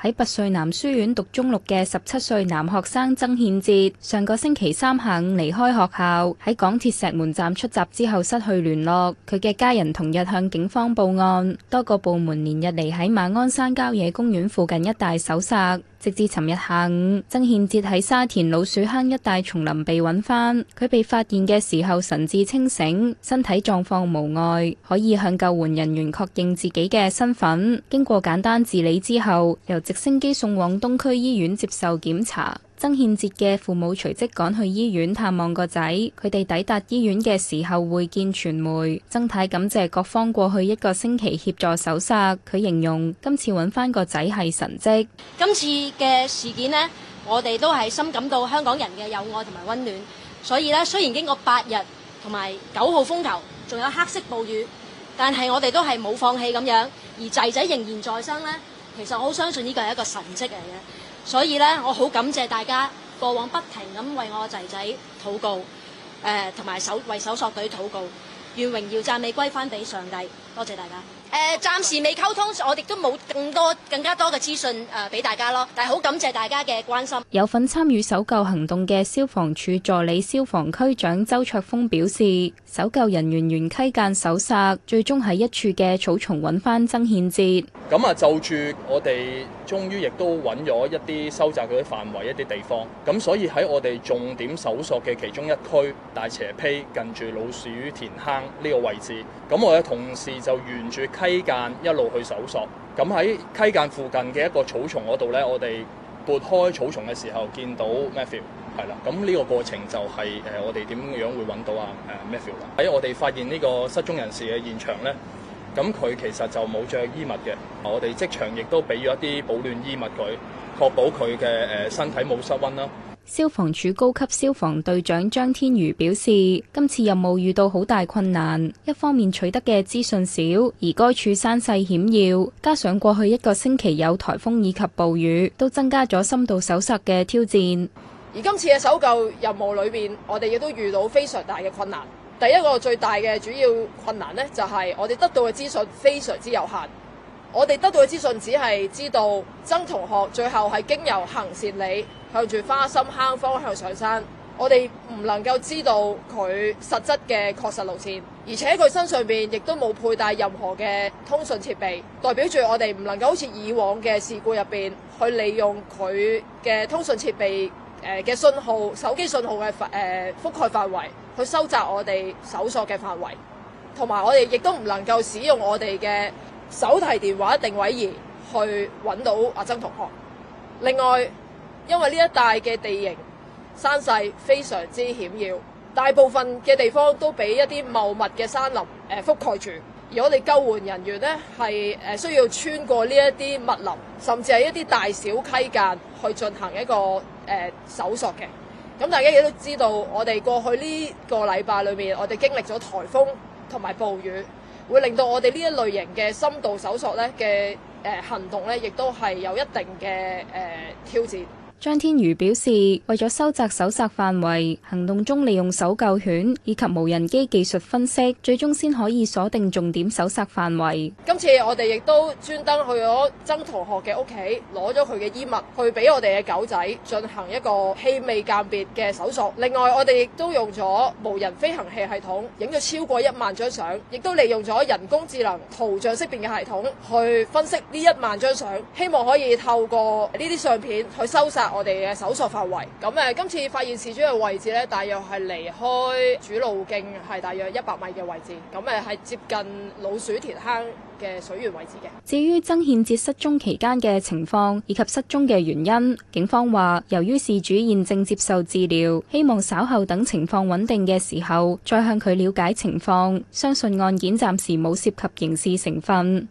喺拔萃男書院讀中六嘅十七歲男學生曾憲哲，上個星期三下午離開學校，喺港鐵石門站出閘之後失去聯絡。佢嘅家人同日向警方報案，多個部門連日嚟喺馬鞍山郊野公園附近一帶搜索。直至尋日下午，曾憲哲喺沙田老鼠坑一帶叢林被揾翻。佢被發現嘅時候神智清醒，身體狀況無礙，可以向救援人員確認自己嘅身份。經過簡單治理之後，由直升機送往東區醫院接受檢查。曾憲哲嘅父母隨即趕去醫院探望個仔，佢哋抵達醫院嘅時候會見傳媒。曾太感謝各方過去一個星期協助搜救，佢形容今次揾翻個仔係神蹟。今次嘅事件呢，我哋都係深感到香港人嘅友愛同埋溫暖。所以呢，雖然經過八日同埋九號風球，仲有黑色暴雨，但係我哋都係冇放棄咁樣，而仔仔仍然在生呢。其實我好相信呢個係一個神蹟嚟嘅。所以咧，我好感謝大家過往不停咁為我仔仔禱告，誒同埋搜為搜索隊禱告，願榮耀讚美歸翻俾上帝。多謝大家。誒，暫時未溝通，我哋都冇更多、更加多嘅資訊誒，俾大家咯。但係好感謝大家嘅關心。有份參與搜救行動嘅消防處助理消防區長周卓峯表示，搜救人員沿溪澗搜索，最終喺一處嘅草叢揾翻曾憲哲。咁啊，就住我哋終於亦都揾咗一啲收窄嗰啲範圍一啲地方。咁所以喺我哋重點搜索嘅其中一區大斜坡近住老鼠田坑呢個位置，咁我嘅同事就沿住溪間一路去搜索，咁喺溪間附近嘅一個草叢嗰度咧，我哋撥開草叢嘅時候，見到 Matthew 係啦。咁呢個過程就係、是、誒、呃、我哋點樣會揾到啊誒、呃、Matthew 啦。喺我哋發現呢個失蹤人士嘅現場咧，咁佢其實就冇着衣物嘅。我哋即場亦都俾咗一啲保暖衣物佢，確保佢嘅誒身體冇失溫啦。消防處高級消防隊長張天如表示，今次任務遇到好大困難，一方面取得嘅資訊少，而該處山勢險要，加上過去一個星期有台風以及暴雨，都增加咗深度搜索嘅挑戰。而今次嘅搜救任務裏邊，我哋亦都遇到非常大嘅困難。第一個最大嘅主要困難呢，就係我哋得到嘅資訊非常之有限。我哋得到嘅資訊只係知道曾同學最後係經由行善里向住花心坑方向上山，我哋唔能夠知道佢實質嘅確實路線，而且佢身上邊亦都冇佩戴任何嘅通訊設備，代表住我哋唔能夠好似以往嘅事故入邊去利用佢嘅通訊設備誒嘅信號、手機信號嘅覆誒覆蓋範圍去收集我哋搜索嘅範圍，同埋我哋亦都唔能夠使用我哋嘅。手提電話定位儀去揾到阿曾同學。另外，因為呢一帶嘅地形山勢非常之險要，大部分嘅地方都俾一啲茂密嘅山林覆蓋住。而我哋救援人員呢，係誒需要穿過呢一啲密林，甚至係一啲大小溪澗去進行一個誒、呃、搜索嘅。咁大家亦都知道，我哋過去呢個禮拜裏面，我哋經歷咗颱風同埋暴雨。會令到我哋呢一類型嘅深度搜索呢嘅、呃、行動呢，亦都係有一定嘅、呃、挑戰。張天瑜表示，為咗收窄搜索範圍，行動中利用搜救犬以及無人機技術分析，最終先可以鎖定重點搜索範圍。今次我哋亦都專登去咗曾同學嘅屋企，攞咗佢嘅衣物去俾我哋嘅狗仔進行一個氣味鑑別嘅搜索。另外，我哋亦都用咗無人飛行器系統，影咗超過一萬張相，亦都利用咗人工智能圖像識別嘅系統去分析呢一萬張相，希望可以透過呢啲相片去收窄。我哋嘅搜索範圍咁，誒，今次發現事主嘅位置咧，大約係離開主路徑係大約一百米嘅位置，咁誒係接近老鼠田坑嘅水源位置嘅。至於曾憲哲失蹤期間嘅情況，以及失蹤嘅原因，警方話由於事主現正接受治療，希望稍後等情況穩定嘅時候，再向佢了解情況，相信案件暫時冇涉及刑事成分。